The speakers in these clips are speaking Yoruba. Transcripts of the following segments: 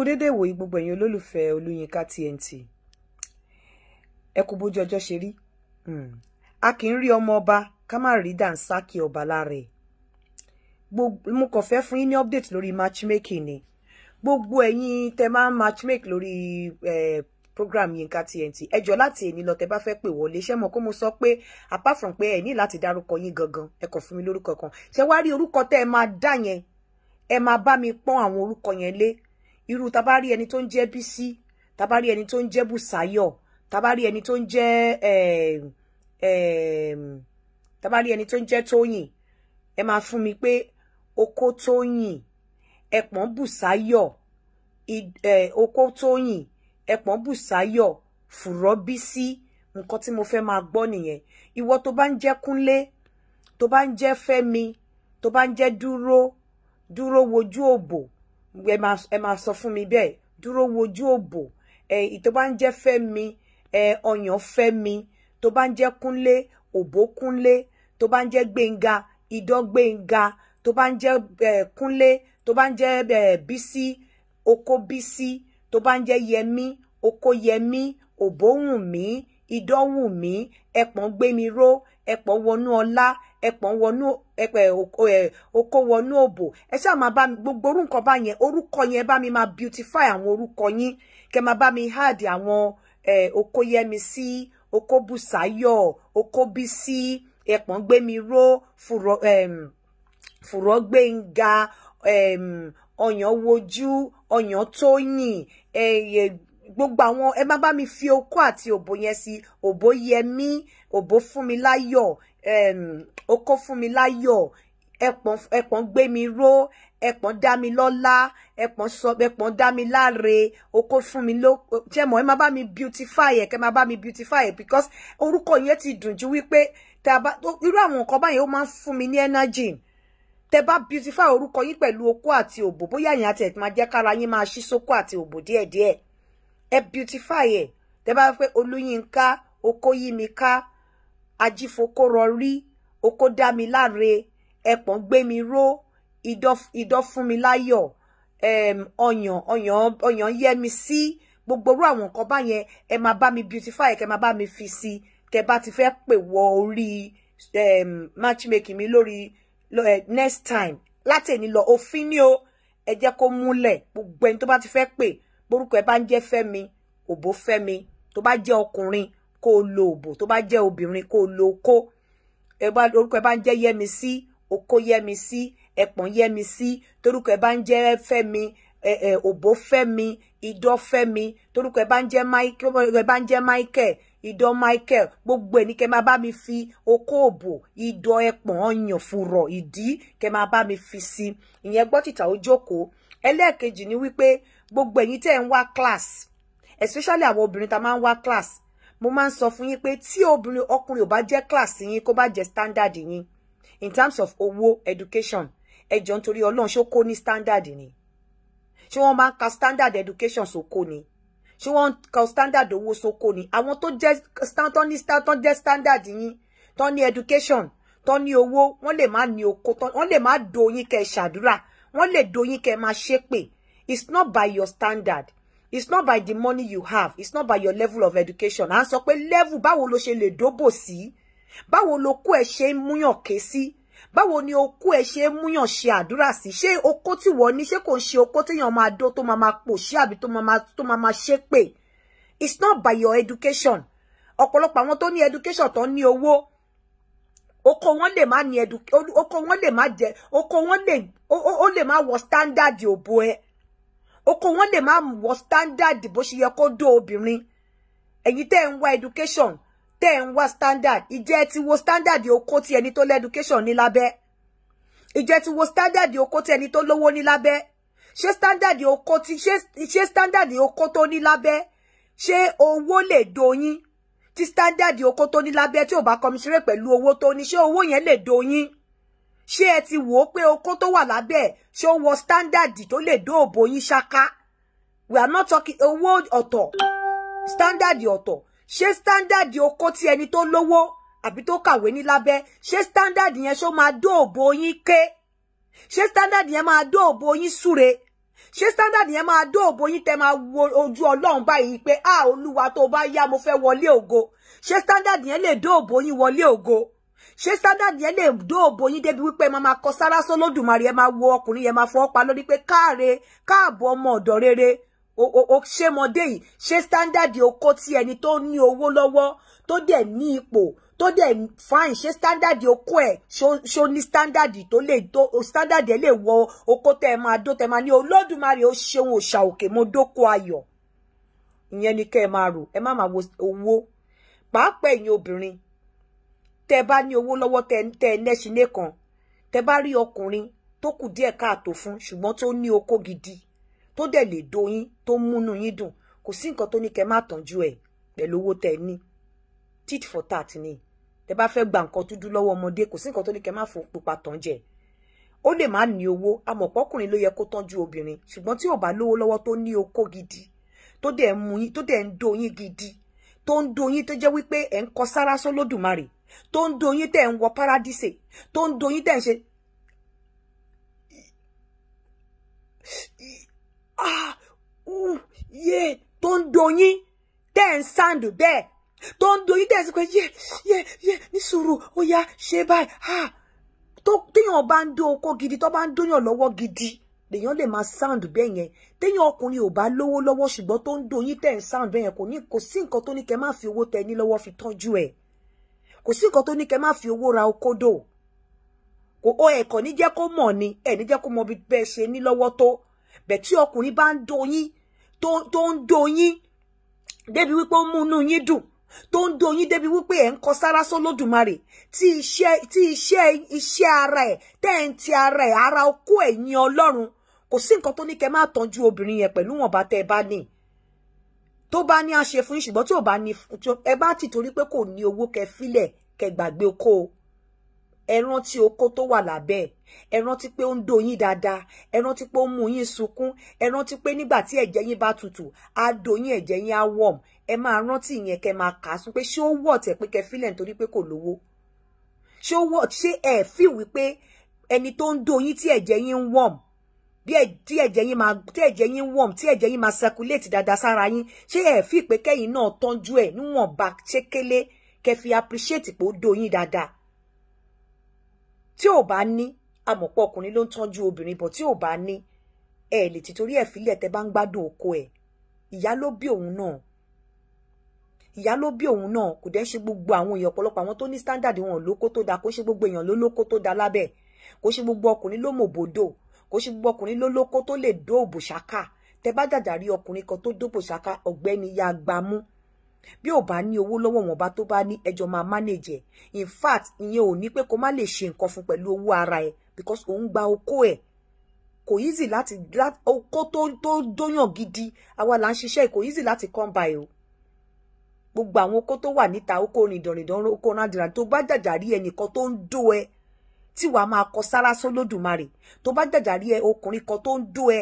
kú dédé wòyí gbogbo ẹ̀yin olólùfẹ́ olúyinka TNT ẹ kú bójú ọjọ́ ṣe rí hmm. a kì í rí ọmọ ọba ká má rí dànsákì ọba lára ẹ̀ mo kàn fẹ́ fún yín ní update lórí matchmaking ni gbogbo ẹ̀yin tẹ máa ń matchmake lórí program Yinka TNT ẹ jọ̀ọ́ láti èmi lọ tẹ bá fẹ́ pè wọlé ṣé mo kó mo sọ pé apart from pé ẹ ní láti dárúkọ yín gangan ẹ kàn fún mi lórúkọ kan ṣé wá rí orúkọ tẹ ẹ máa dá yẹn ẹ máa bá mi pọ́n àwọn orúkọ yẹn lé irú tá bá rí ẹni tó ń jẹ́ Bísí tá bá rí ẹni tó ń jẹ́ Bùsáyọ̀ tá bá rí ẹni tó ń jẹ́ eh, ehm, tá bá rí ẹni tó ń jẹ́ Tóyìn ẹ máa fún mi pé oko Tóyìn ẹ̀pọ̀n Bùsáyọ̀ eh, oko Tóyìn ẹ̀pọ̀n Bùsáyọ̀ fùrọ̀ Bísí nǹkan tí mo fẹ́ máa gbọ́ nìyẹn ìwọ tó bá ń jẹ́ Kúnlé tó bá ń jẹ́ Fẹ́mi tó bá ń jẹ́ dúró ẹ máa ẹ máa sọ fún mi bẹ́ẹ̀ dúró wojú òbò eh ìtọ́ bá ń jẹ́ Fẹ́mi ẹ ọyàn Fẹ́mi tó bá ń jẹ́ Kúnlé òbó Kúnlé tó bá ń jẹ́ Gbénga idọ́ Gbénga tó bá ń jẹ́ ẹ Kúnlé tó bá ń oko bisi tó bá ń jẹ́ oko yemi òbó Wùnmí ìdánwùmí ẹpọ̀n gbémi ró ẹpọ̀n wọnú ọlá ẹpọ̀n wọnú ẹpẹ okó wọnú òbò ẹ ṣáà máa bá mi gbogbo orú nǹkan bá yẹn orúkọ mi máa beautify àwọn orúkọ yín kẹ máa bá mi hard àwọn Okóyẹmisí Okóbùsáyọ̀ Okóbísí ẹpọ̀n gbémi ró fùrọ̀ gbẹ̀ngà ọ̀yàn wojú gbogbo àwọn ẹ má bá mi fi okó àti òbò yẹn sí òbò yẹmí òbò fún mi láyọ̀ okó fún mi láyọ̀ ẹpọ̀n gbé mi ró ẹpọ̀n dá mi lọ́lá ẹpọ̀n sọ ẹpọ̀n dá mi láre okó fún mi ló jẹmọ ẹ má bá mi beautify ẹ kẹ má bá mi beautify ẹ because orúkọ yẹn ti dùn ju wípé tẹ bá irú àwọn nǹkan báyìí ó máa ń fún mi ní energy tẹ bá beautify orúkọ yín pẹ̀lú okó àti òbò bóyá yẹn àti ẹ máa jẹ́ kára yín máa ṣí sókó àti òbò díẹ̀díẹ̀ ẹ beautify ẹ̀ tẹ́ bá fẹ́ Olúyínká Okóyímiká Ajífokórọrí Okódámiláre ẹ̀pọ̀n gbémi ró ìdọ́fúnmiláyọ̀ ọyàn ọyàn ọyàn yẹmi sí gbogbo orú àwọn nǹkan báyẹn ẹ máa bá mi beautify ẹ kẹ máa bá mi fi sí tẹ́ bá ti fẹ́ pè wọ orí matchmaking mi lórí next time látẹ̀ni lo, òfin ni o ẹ jẹ́ kó múlẹ̀ gbogbo ẹni tó bá ti fẹ́ pè borúkọ ẹ bá ń jẹ́ Fẹ́mi òbó Fẹ́mi tó bá jẹ́ ọkùnrin kó o lo òbò tó bá jẹ́ obìnrin kó o lo okó orúkọ ẹ bá ń jẹ́ Yẹ́misí okó Yẹ́misí ẹpọ̀n Yẹ́misí torúkọ ẹ bá ń jẹ́ Fẹ́mi òbó Fẹ́mi idọ́ Fẹ́mi torúkọ ẹ bá ń jẹ́ Michael idọ michael gbogbo ẹ ní kẹ máa bá mi fi okó òbò idọ ẹpọn ọyàn fùrọ ìdí kẹ máa bá mi fi sí ìyẹn gbọ́ tìta ó jókòó ni wípé gbogbo ẹ̀yin tẹ́ ń wá class especially àwọn obìnrin tá máa ń wá class mo máa ń sọ fún yín pé tí obìnrin ọkùnrin ò bá class yín kó bá jẹ́ standard yín in terms of owó education ẹ jọ̀ọ́ nítorí Ọlọ́run ṣó kó ní standard ni ṣé wọ́n máa ń ka standard education sóko ni ṣé wọ́n ń ka standard owó sóko ni àwọn tó jẹ́ tó jẹ́ standard yín tó ní education tó ní owó wọ́n lè má ní oko wọ́n lè má do yín kẹ́ ṣàdúrà wọ́n lè do yín kẹ́ máa ṣépè it's not by your standard it's not by the money you have it's not by your level of education à ń sọ pé level báwo lo ṣe lè dóbò sí báwo lo kó ẹ ṣe ń múyàn ké sí báwo ni o ẹ ṣe ń múyàn ṣe àdúrà sí ṣé o tí wọ́n ní ṣé kò ń o okó téèyàn máa dó tó máa máa pò sí àbí tó máa tó máa máa ṣe pé it's not by your education ọ̀pọ̀lọpọ̀ àwọn tó ní education tó o owó oko wọn lè má ní oko wọn lè má jẹ oko o o o lè má wọ standard òbò ẹ oko wọn lè máa wọ standard bó ṣe yẹ kó dó obìnrin ẹ̀yin tẹ́ ń education tẹ́ ń standard ìjẹ́ ti wo standard oko ti ẹni tó lé education ní lábẹ́ ìjẹ́ ti wo standard oko ti ẹni tó lówó ní lábẹ́ ṣé standard oko ti ṣé standard oko tó ní lábẹ́ ṣé owó lè doyin tí standard oko tó ní lábẹ́ tí ò bá kọmíṣẹ́rẹ́ pẹ̀lú owó tó ní ṣé owó yẹn lè doyin ṣé ẹ ti wò ó pé okó tó wà lábẹ́ ẹ̀ ṣé ó wọ standard tó lè dóòbò yín ṣáká we are not talking owó ọ̀tọ̀ standard ọ̀tọ̀ ṣé standard okó tí ẹni tó lówó àbí tó kàwé ní lábẹ́ ṣé standard yẹn ṣó máa dóòbò yín ké ṣé standard yẹn máa dóòbò yín súre ṣé standard yẹn máa dóòbò yín tẹ máa wo ojú ọlọ́run báyìí pé a ah, olúwa tó bá yá mo fẹ́ wọlé ògo ṣé standard yẹn lè dóòbò yín wọlé ògo ṣé standard yẹn do dóòbò yín débi wípé ẹ máa máa kọ sára sólódùmarè ẹ máa wo ọkùnrin yẹn máa fọwọ́ pa lórí pé káàre káàbọ̀ ọmọ ọ̀dọ̀ rere o ṣé mọdé yìí ṣé standard okó tí ẹni tó ní owó lọ́wọ́ to dẹ̀ ni ipò to dẹ̀ fine ṣé standard okó ẹ̀ ṣó ni standard tó le tó standard ẹ̀ lè wọ okó tẹ́ ẹ máa dó tẹ́ ẹ máa o olódùmarè o ṣeun òṣà òkè mo dóko ayọ̀ ìyẹn ni kẹ́ ẹ máa rò ẹ má máa wo owó pàápàá ẹ̀yin obìnrin tẹ bá ní owó lọ́wọ́ tẹ ń tẹ nẹ́ṣiné kan tẹ bá rí ọkùnrin tó kù díẹ̀ káàtó fún ṣùgbọ́n tó ní okó gidi tó dẹ̀ lè doyin tó múnú yín dùn kò sí nǹkan tó ní kẹ má tànjú ẹ̀ pẹ̀lú owó tẹ ní tit for tat ni tẹ bá fẹ́ gba nǹkan dúdú lọ́wọ́ ọmọdé kò sí nǹkan tó ní kẹ má fò pupa tàn jẹ ó lè má ní owó amọ̀pọ̀kùnrin ló yẹ kó tọ́jú obìnrin ṣùgbọ́n tí ò bá lówó lọ́wọ́ tó ní gidi tó dẹ̀ ń mú yín tó dẹ̀ ń gidi to ń doyin tó jẹ́ wípé ẹ̀ ń kọ sára sólódùmarè tó ń doyin tẹ̀ ń wọ paradise tó ń doyin tẹ̀ ń ṣe. Ah, tó ń doyin tẹ̀ ń sáǹdù bẹ́ẹ̀ tó ń doyin tẹ̀ ń sọ pé yẹ yẹ yẹ ní sùúrù ó yá ṣe báyìí ah, tó téèyàn bá ń dó oko gidi tó bá ń dóyàn lọ́wọ́ gidi lèèyàn lè máa sound bẹ́ẹ̀ yẹn téèyàn ọkùnrin ò bá lówó lọ́wọ́ ṣùgbọ́n tó ń doyin tẹ̀ ń sound bẹ́ẹ̀ yẹn kò ní kò sí nǹkan tó ní kẹ́ máa fi owó tẹ ní lọ́wọ́ fi tọ́jú ẹ̀ kò sí nǹkan tó ní kẹ́ má fi owó ra okódò kò ó ẹ̀kọ́ ní jẹ́ kó mọ̀ ni ẹ̀ ní jẹ́ kó mọ bí bẹ́ẹ̀ ṣe ní lọ́wọ́ tó bẹ̀ tí ọkùnrin bá ń do yín tó ń do yín débi wípé ó ń múnú yín dùn tó ń do yín débi wípé ẹ̀ ń kọ sára sólódùmarè tí iṣẹ́ tí iṣẹ́ iṣẹ́ ara ẹ̀ tẹ́ ẹ̀ ti ara ẹ̀ ara okó ẹ̀yìn ọlọ́run kò sí nǹkan tó ní kẹ́ má tọ́jú obìnrin yẹn pẹ̀lú wọ̀nba tẹ́ ẹ bá nìyí tó bá ní àṣẹ fún yín ṣùgbọ́n tí ò bá ní ẹ bá ti torí pé kò ní owó kẹ filẹ̀ kẹ gbàgbé oko ẹ rántí oko tó wà lábẹ́ ẹ rántí pé ó ń do yín dáadáa ẹ rántí pé ó ń mú yín sunkún ẹ rántí pé nígbà tí ẹ̀jẹ̀ yín bá tutù á do yín ẹ̀jẹ̀ yín á wọ̀m ẹ máa rántí ìyẹn kẹ máa kà á sún pé ṣé ó wọ̀ tẹ̀ pé kẹ filẹ̀ nítorí pé kò lówó ṣé ó wọ̀ ṣé ẹ fi wípé ẹni tó ń do yín tí ẹ̀jẹ̀ yín ń bí tí ẹ̀jẹ̀ yín máa tí ẹ̀jẹ̀ yín warm tí ẹ̀jẹ̀ yín máa circulate dáadáa sára yín ṣé ẹ fi pé kẹ́yìn náà tọ́jú ẹ̀ níwọ̀nba ṣékélé kẹ́ fi appreciate pé ó do yín dáadáa tí ò bá ní amọ̀pọ̀ ọkùnrin ló ń tọ́jú obìnrin bọ̀ tí ò bá ní ẹ lè ti torí ẹ̀ fílẹ̀ tẹ́ bá ń gbádùn oko ẹ̀ ìyá ló bí òun náà ìyá ló bí òun náà kò dẹ́ ṣe gbogbo àwọn èèyàn ọ̀pọ̀lọpọ̀ àwọn tó ní standard wọn lóko tó da kó ṣe gbogbo èèyàn ló lóko tó da lábẹ́ kó ṣe gbogbo ọkùnrin ló mọ̀ bòdò kò ṣe gbogbo ọkùnrin ló lóko tó lè dó òbòṣáká tẹ bá dàjà rí ọkùnrin kan tó dó òbòṣáká ọ̀gbẹ́ni ya gbámú bí ò bá ní owó lọ́wọ́ wọn bá tó bá ní ẹjọ́ máa manage in fact ìyẹn ò ní pé kó má lè ṣe nǹkan fún pẹ̀lú owó ara ẹ̀ because òun gba okó ẹ̀ kò easy láti okó tó dóyàn gidi àwa là ń ṣiṣẹ́ kò easy láti come by o gbogbo àwọn okó tó wà níta okó rìndọ̀rìndọ̀ okó rádìrà tó bá dàjà ẹnìkan tó ń dó ẹ tí wàá máa kọ sára sólódùmarè tó bá jàjà rí ẹ ọkùnrin kan tó ń dó ẹ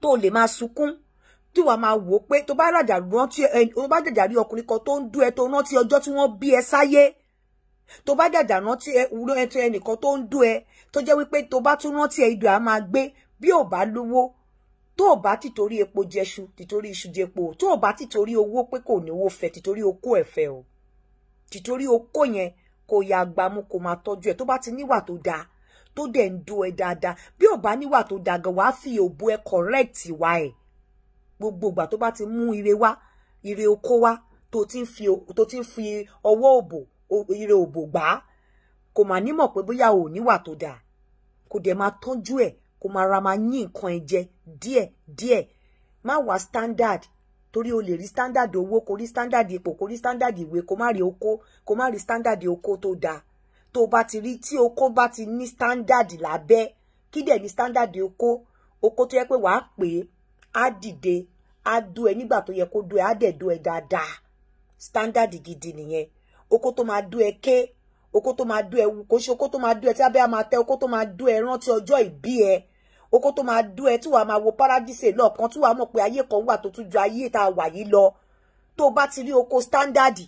tó lè máa sunkún tí wàá máa wò pé tó bá jàjà rántí ẹ tó bá jàjà rí ọkùnrin kan tó ń dó ẹ tó rántí ọjọ́ tí wọ́n bí ẹ sáyé tó bá jàjà rántí ẹ wúlò ẹ tó ẹnìkan tó ń dó ẹ tó jẹ́ wípé tó bá tún rántí ẹ ìdò á máa gbé bí ò bá lówó tó o bá tìtorí epo jẹṣu tìtorí iṣu jẹpo tó o bá tìtorí owó pé kò ní owó fẹ́ tìtorí okó ẹ o tìtorí okó yẹn kò yà gbàmú kò máa tọ́jú ẹ̀ tó bá ti níwà tó dáa tó dẹ̀ ń do ẹ dáadáa bí ọba níwà tó dáa gan wàá fi òbó ẹ correct wá ẹ gbogbo ìgbà tó bá ti mú ire wá ire oko wá tó ti fi tó ti fi ọwọ́ òbò ire òbò gbà á kò mà nímọ̀ pé bóyá ò níwà tó dáa kò dẹ̀ máa tọ́jú ẹ̀ kò máa ra máa yín nǹkan ẹ jẹ díẹ̀ díẹ̀ má wá standard torí o lè rí standard owó kò rí standard ipò kò rí standard ìwé kò má rí oko kò má rí standard oko tó dáa tó bá ti rí tí oko bá ti ní standard lábẹ́ kí dẹ̀ ní standard oko oko tó yẹ pé wàá pè é á dìde á dó ẹ nígbà tó yẹ kó dó ẹ á dẹ̀ dó ẹ dáadáa standard gidi nìyẹn oko tó máa dó ẹ ké oko tó máa dó ẹ wù kó ṣe oko tó máa dó ẹ tí abẹ́ á máa tẹ oko tó máa dó ẹ rántí ọjọ́ ìbí ẹ. E oko to ma du e tu wàá máa wo paradise lọ́ọ̀kan tí wàá mọ̀ pé ayé kan wà tó tún ju ayé tá a wà yìí lọ tó ti rí oko standard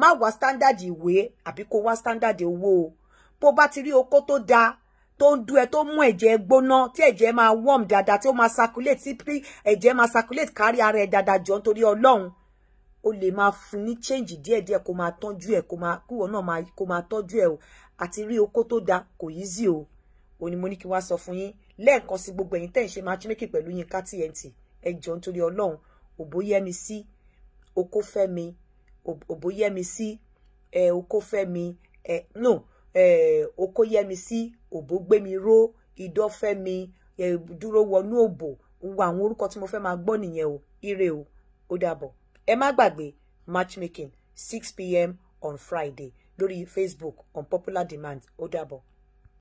ma wa standard ìwé àbí kó wá standard owó o bó bá ti rí oko tó dáa tó ń e ẹ tó mú ẹ̀jẹ̀ gbóná tí ẹ̀jẹ̀ warm dáadáa tí ó máa circulate tí pí ẹ̀jẹ̀ máa circulate kárí ara ẹ dáadáa jọ nítorí ọlọ́run o le ma fún ní change díẹ̀díẹ̀ kó máa tọ́jú ẹ̀ kó máa kúwọ̀ náà kó ma tọ́jú ẹ̀ o àti rí oko to da ko easy o oni mo ní kí wá sọ fún yín lẹ́ẹ̀kan sí gbogbo ẹ̀yin tẹ́ ń ṣe matchmaking pẹ̀lú Yinka TNT ẹ jọ̀ọ́ nítorí Ọlọ́run Òbóyẹ́misí Okófẹ́mi Òbóyẹ́misí ẹ Okófẹ́mi ẹ no ẹ Okóyẹ́misí Òbógbémiró Ìdọ́fẹ́mi ẹ dúró wọnú òbò wo àwọn orúkọ tí mo fẹ́ máa gbọ́ nìyẹn o ire o ó dàbọ̀ ẹ má gbàgbé matchmaking six p.m. on Friday lórí Facebook on Popular Demand ó dàbọ̀.